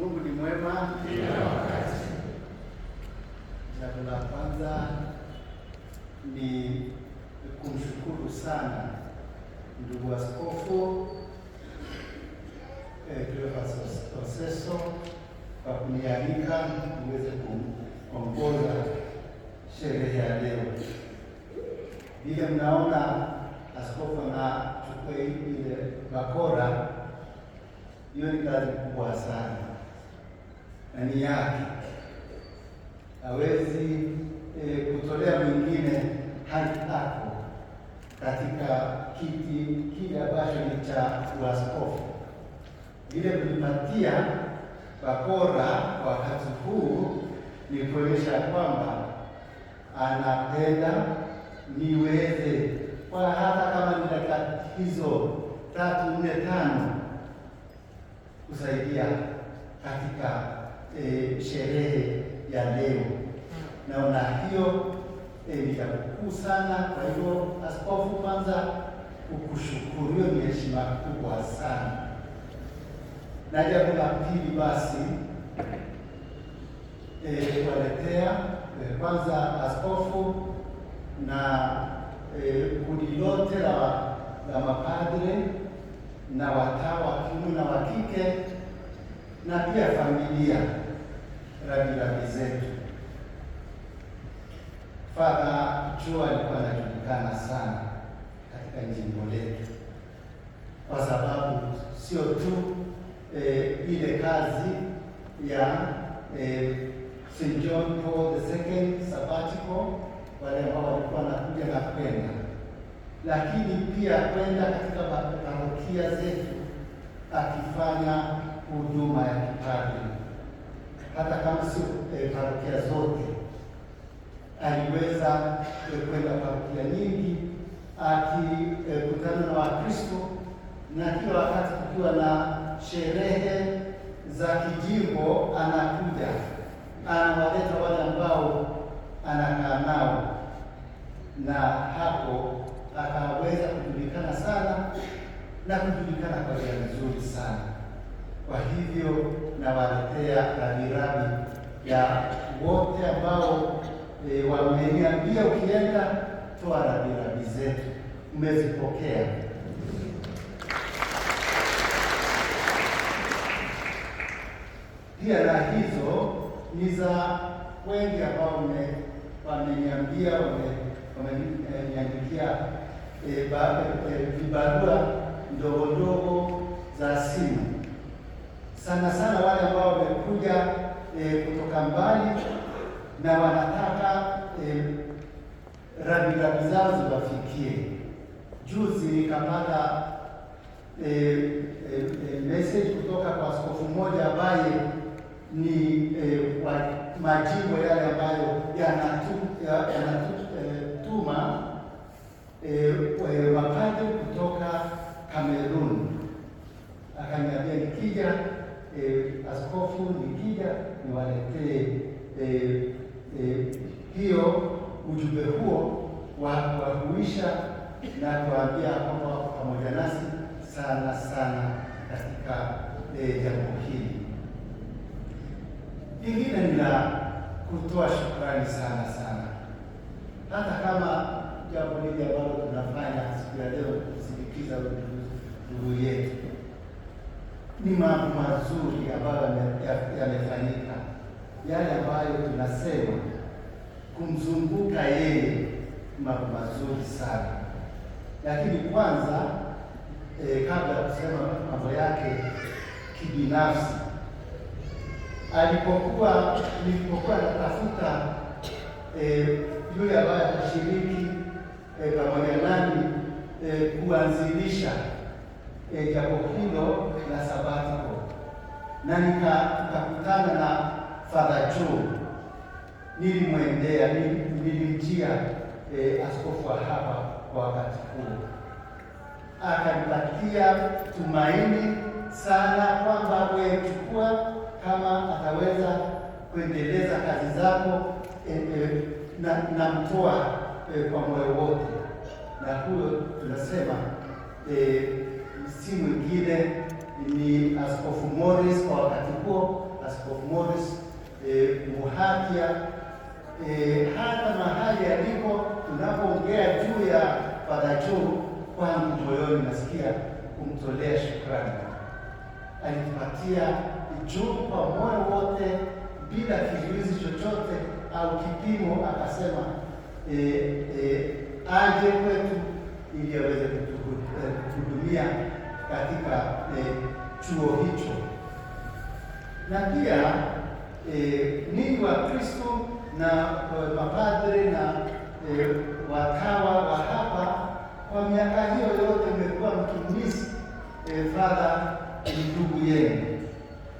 Mungu ni mwema kila wakati. Jambo la kwanza ni kumshukuru sana ndugu askofu eh, Cleophas Oseso kwa kunialika niweze kuongoza sherehe ya leo. Vile mnaona askofu anachukua ile bakora, hiyo ni kazi kubwa sana nani yake, hawezi e, kutolea mwingine haki yako katika kiti kile ambacho ni cha uaskofu. Vile kulipatia bakora wakati huu ni kuonyesha kwamba anapenda niweze kwa hata kama ni dakika hizo tatu nne tano kusaidia katika e, sherehe ya leo. Hmm. Naona hiyo eh, nitakukuu e, sana. Kwa hivyo askofu, kwanza ukushukuru, hiyo ni heshima kubwa sana. Na jambo la pili basi eh, waletea e, kwanza askofu na kundi e, lote la, la mapadre na watawa wa kiume na wa kike na pia familia rambirambi zetu. Fadha Chuo alikuwa anajulikana sana katika jimbo letu kwa sababu sio tu eh, ile kazi ya eh, St. John Paul II sabbatical wale ambao walikuwa nakuja na kwenda, lakini pia kwenda katika parokia zetu akifanya huduma ya kipadri, hata kama sio eh, parokia zote. Aliweza e, kwenda parokia nyingi akikutana eh, e, na Wakristo na kila wakati kukiwa na sherehe za kiji Pia ukienda toa rambirambi zetu, umezipokea Pia na hizo ni za wengi ambao wameniambia, wameniandikia e, e, vibarua ndogo ndogo za simu, sana sana wale ambao wamekuja e, kutoka mbali na wanataka rambirambi zao ziwafikie. Juzi nikapata e, e, e, message kutoka kwa askofu mmoja ambaye ni e, wa majimbo yale ambayo yanatu yanatu akili. Lingine ni la kutoa shukrani sana sana, hata kama jambo lile ambalo tunafanya siku ya leo kusindikiza ndugu yetu ni mambo mazuri ambayo yamefanyika, yale ambayo tunasema kumzunguka yeye, mambo mazuri sana. Lakini kwanza, eh, kabla ya kusema mambo yake kibinafsi. Alipokuwa nilipokuwa natafuta eh, yule ambaye atashiriki eh, pamoja eh, nami eh, kuanzilisha eh, jambo hilo la sabatiko, na nikakutana na Father Joe, nilimwendea nilimjia eh, askofu wa hapa kwa wakati huo, akanipatia tumaini sana kwamba wemchukua kama ataweza kuendeleza kazi zako e, e, na, na mtoa e, kwa moyo wote, na huyo tunasema e, si mwingine ni Askofu Morris kwa wakati huo, Askofu Morris e, Muhatia e, hata mahali aliko, tunapoongea juu ya Padre kwa kwangu moyoni nasikia kumtolea shukrani alitupatia juu kwa moyo wote bila kizuizi chochote au kipimo, akasema e, e, aje kwetu ili aweze e, kutuhudumia katika e, chuo hicho. Na pia e, ninyi wa Kristo na e, mapadre na e, kujenga.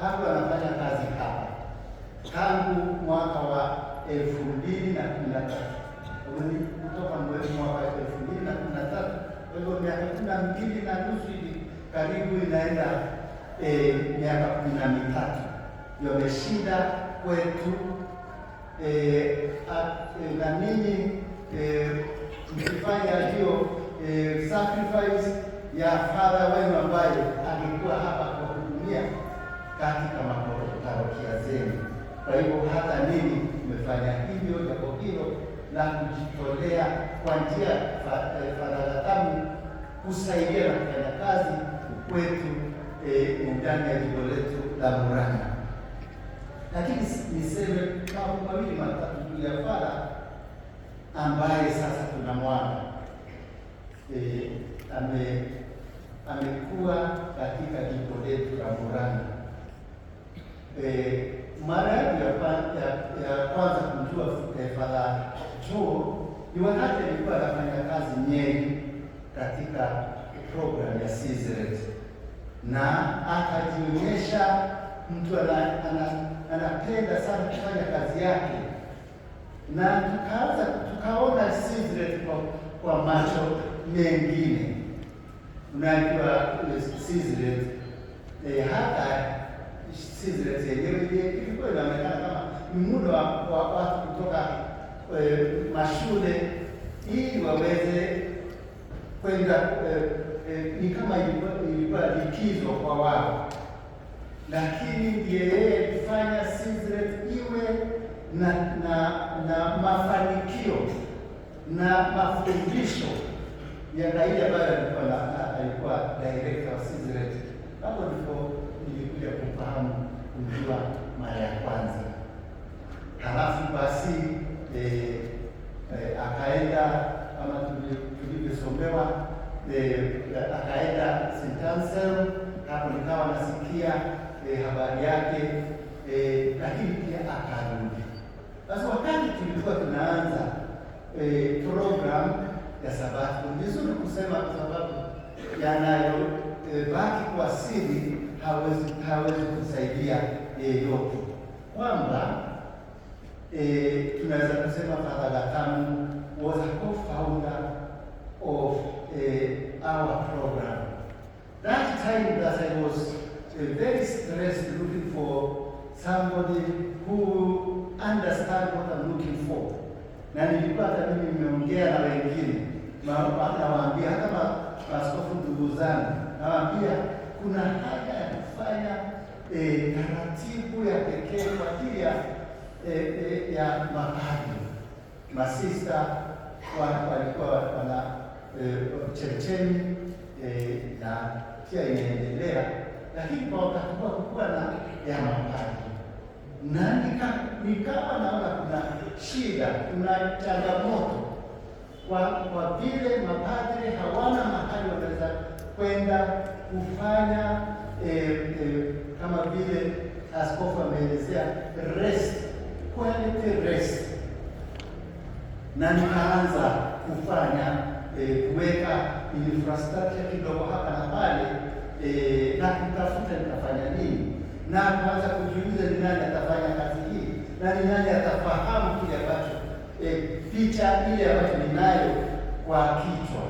Tangu anafanya kazi hapa tangu mwaka wa elfu mbili na kumi na tatu kutoka mwaka elfu mbili na kumi na tatu kwa hivyo miaka kumi na mbili na nusu hivi karibu inaenda e, miaka kumi na mitatu yameshinda kwetu e, e, na ninyi tukifanya hiyo sacrifice ya father wenu ambaye alikuwa hapa kuingia katika parokia zenu. Kwa hivyo hata nini umefanya hivyo jambo hilo la kujitolea kwa njia fadhila tamu kusaidia na kufanya kazi kwetu eh, ndani ya jimbo letu la Murang'a. Lakini niseme mambo mawili matatu juu ya Fara ambaye sasa tuna mwana e, ame amekuwa katika jimbo letu la Murang'a. E, mara ya kwanza kumjua e, Fadha Chuo ni wakati alikuwa anafanya kazi Nyeri katika program ya CZRET na akajionyesha mtu anapenda sana kufanya kazi yake, na tukaanza tukaona CZRET kwa, kwa macho mengine unajua e hata yenyewe ilikuwa inaonekana kama ni muda wa watu kutoka eh, mashule ili waweze kwenda eh, eh, ni kama ilikuwa likizo kwa wao, lakini ndiye yeye kufanya iwe na na na mafanikio na mafundisho Miaka hii ambayo alikuwa director wa Sisireti, hapo ndipo nilikuja kufahamu kumjua mara ya kwanza. Halafu basi eh, eh, akaenda kama tulivyosomewa eh, akaenda St. Anselm, hapo nikawa nasikia eh, habari yake eh, lakini pia akarudi. Basi wakati tulikuwa tunaanza eh, program ya Sabato. Ni vizuri kusema kwa sababu yanayobaki kwa siri hawezi hawezi kusaidia yeyote, kwamba e, tunaweza kusema Father was a co-founder of uh, our program. That time that I was uh, very stressed looking for somebody who understand what I'm looking for, na nilikuwa hata mimi nimeongea na wengine nawaambia hata maaskofu ndugu zangu, nawaambia kuna haja ya kufanya eh, taratibu ya pekee kwa ajili ya eh, eh, ya mapadri masista walikuwa wana chemchemi na pia inaendelea, lakini kwa wakati huo kukuwa na ya mapadri na nikawa naona kuna shida, kuna changamoto kwa vile mapadre hawana mahali wanaweza kwenda kufanya eh, eh, kama vile askofu ameelezea rest, quality rest, na nikaanza kufanya eh, kuweka infrastructure kidogo hapa na pale eh, na kutafuta nitafanya nini, na kuanza kujiuliza ni nani atafanya kazi hii na ni nani atafahamu kile ambacho e, picha ile ambayo ninayo kwa kichwa.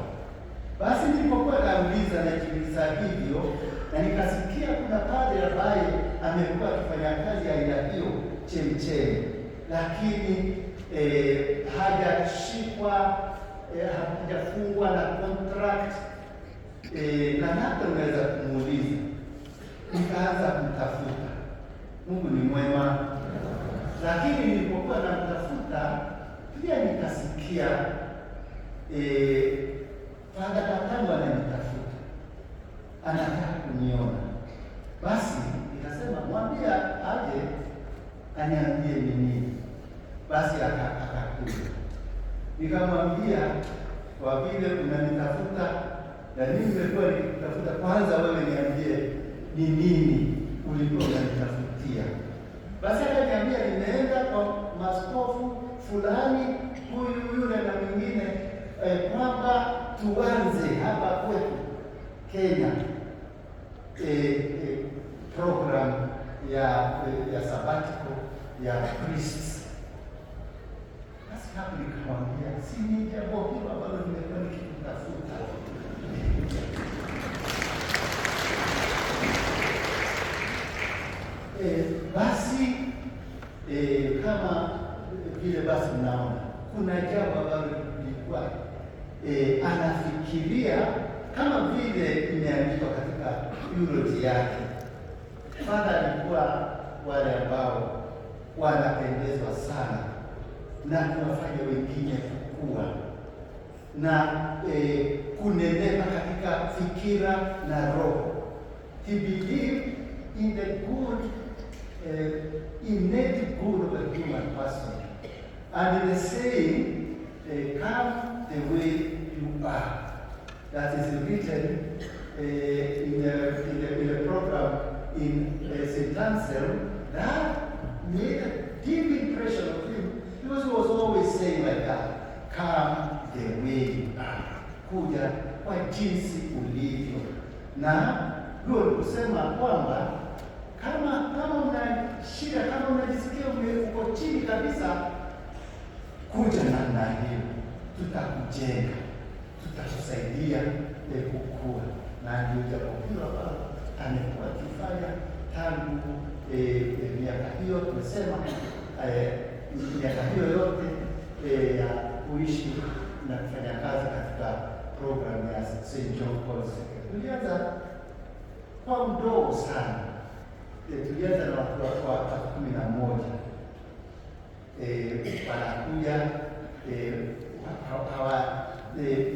Basi nilipokuwa nauliza najiuliza hivyo, na nikasikia kuna padre ambaye amekuwa akifanya kazi aina hiyo chemchemi, lakini e, hajashikwa e, hajafungwa na contract e, na labda unaweza kumuuliza. Nikaanza kumtafuta. Mungu ni mwema, lakini nilipokuwa namtafuta pia nikasikia eh, Padre Patangu ananitafuta, anataka kuniona. Basi nikasema mwambie aje aniambie ni nini. Basi akakuja, nikamwambia kwa vile unanitafuta na mimi nimekuwa nikitafuta, kwanza wewe niambie ni nini ulikuwa unanitafutia. Basi akaniambia nimeenda kwa maskofu fulani huyu yule na mwingine e, kwamba tuanze hapa kwetu Kenya eh, eh, program ya e, ya sabatiko ya Kristo. Basi hapo nikamwambia si ni jambo hilo ambalo nimekuwa kuna jambo ambalo lilikuwa e, anafikiria kama vile imeandikwa katika eulogy yake. Fadha alikuwa wale ambao wanapendezwa sana na kuwafanya wengine kukua na e, kunenema katika fikira na roho. He believed in the good, uh, innate good of a human person And in the saying, uh, come the way you are, that is written uh, in, the, in, a, in a program in uh, eh, St. Anselm, that made a deep impression of him because he was always saying like that, come the way you are, kuja kwa jinsi ulivyo. Na hiyo ni kusema kwamba kama kama una shida, kama unajisikia uko chini kabisa kuja namna hiyo, tutakujenga, tutakusaidia e kukua. Na ndio jambo hilo ambalo amekuwa akifanya tangu e, e, miaka hiyo, tumesema miaka hiyo yote ya kuishi na kufanya kazi katika programu ya St. John Paul tulianza kwa mdogo sana, tulianza na watu watu kumi na moja eh, wanakuja eh, hawa eh,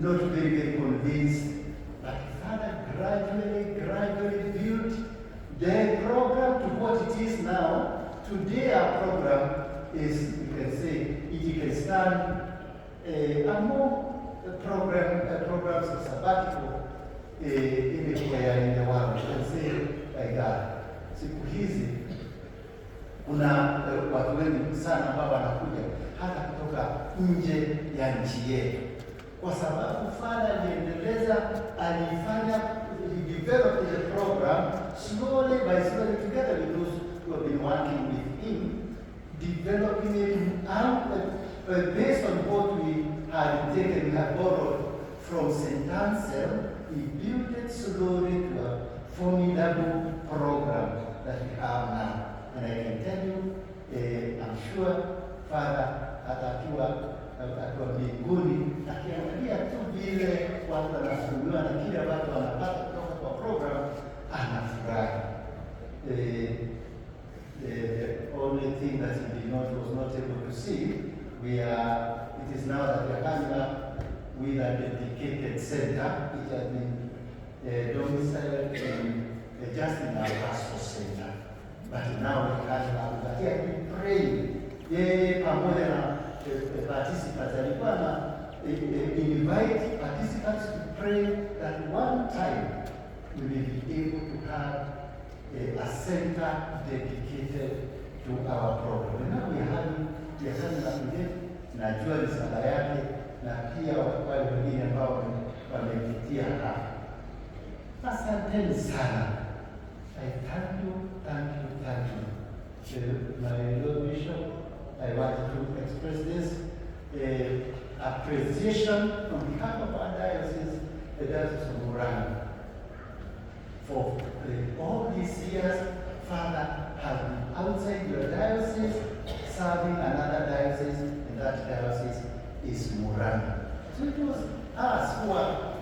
not very very convinced but father gradually gradually built Their program to what it is now today our program is you can say it can stand uh, a more program uh, programs of sabbatical uh, sana ambao wanakuja hata kutoka nje ya nchi yetu, kwa sababu Fana aliendeleza alifanya develop the program slowly by slowly together with those who have been working with him developing it out uh, uh based on what we had taken we borrowed from St. Ansel, we built it slowly to a see, we are, it is now that we are coming up with a dedicated center, which has been uh, domiciled in uh, just in our gospel center. But now we are coming up with here, we pray. Yeye pamoja na uh, participants alikuwa na uh, uh, invite participants to pray that one time we will be able to have a, a center dedicated to our program. And now we are having biashara za najua risala yake na pia wale wengine ambao wamepitia hapa. Asanteni sana. I thank you, thank you, thank you. my Lord Bishop, I want to express this uh, appreciation on behalf of our diocese, the Diocese of Murano. For uh, all these years, Father has been outside your diocese serving another diocese, in that diocese is Murana. So it was us who are,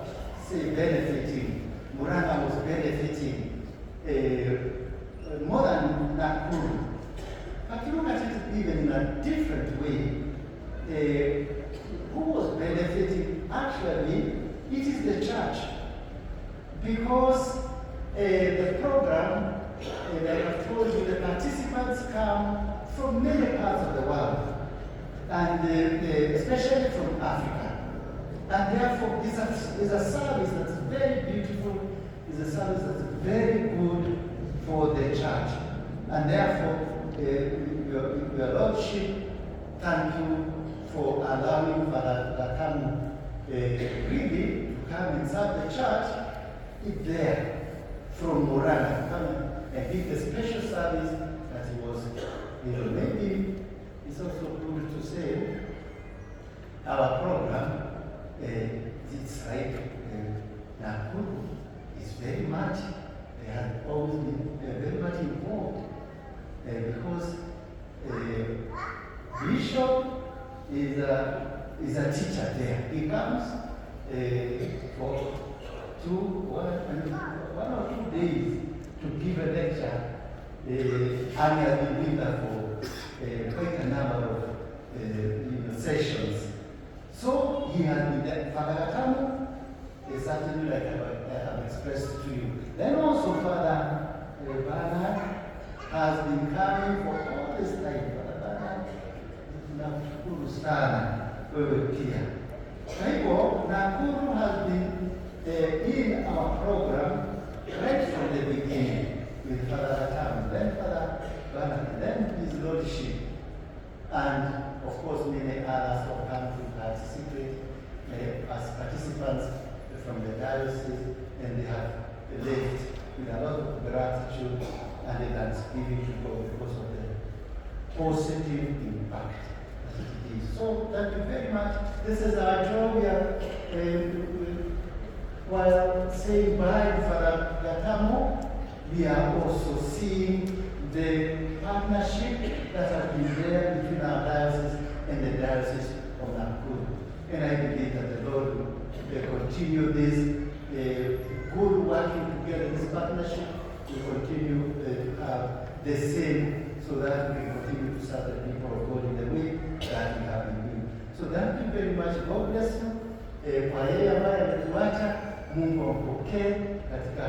say, benefiting. Muranga was benefiting uh, uh more than Nakuru. But you look at it even in a different way. Uh, who was benefiting? Actually, it is the church. Because uh, the program, uh, like I told you, the participants come from many parts of the world, and uh, uh, especially from Africa. And therefore, it's a, it's a service that's very beautiful, it's a service that's very good for the church. And therefore, uh, your, your Lordship, thank you for allowing Father Lakamu uh, really to come inside the church If there from Morana, come and give the special service that he was if maybe it's also good to say our program, uh, it's like uh, Nakuru is very much, they have always been uh, very much involved uh, because uh, Bishop is a, is a teacher there. He comes uh, for two, one, one or two days to give a lecture. Uh, annually with us certainly like I, like have expressed to you. Then also, Father Bernard has been coming for all this time. Father Bernard, nakushukuru sana wewe pia. Kwa Nakuru has been uh, in our program right from the beginning with Father Tam, then Father Bernard, then His Lordship, and of course, positive impact. So thank you very much. This is our job here. And uh, uh, while saying bye to Father Gatamo, we are also seeing the partnership that has been there between our diocese and the diocese of Nakuru. And I believe that the Lord will continue this uh, good working together, this partnership to continue uh, uh, the same so that we you to serve the people of God in the way that you have been doing. So thank you very much. God bless you. Eh, kwa yeye ambaye ametuacha, Mungu ampokee katika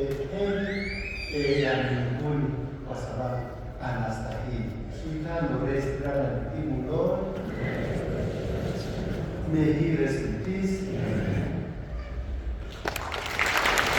eh, heri eh, ya mbinguni kwa sababu anastahili. rest May he rest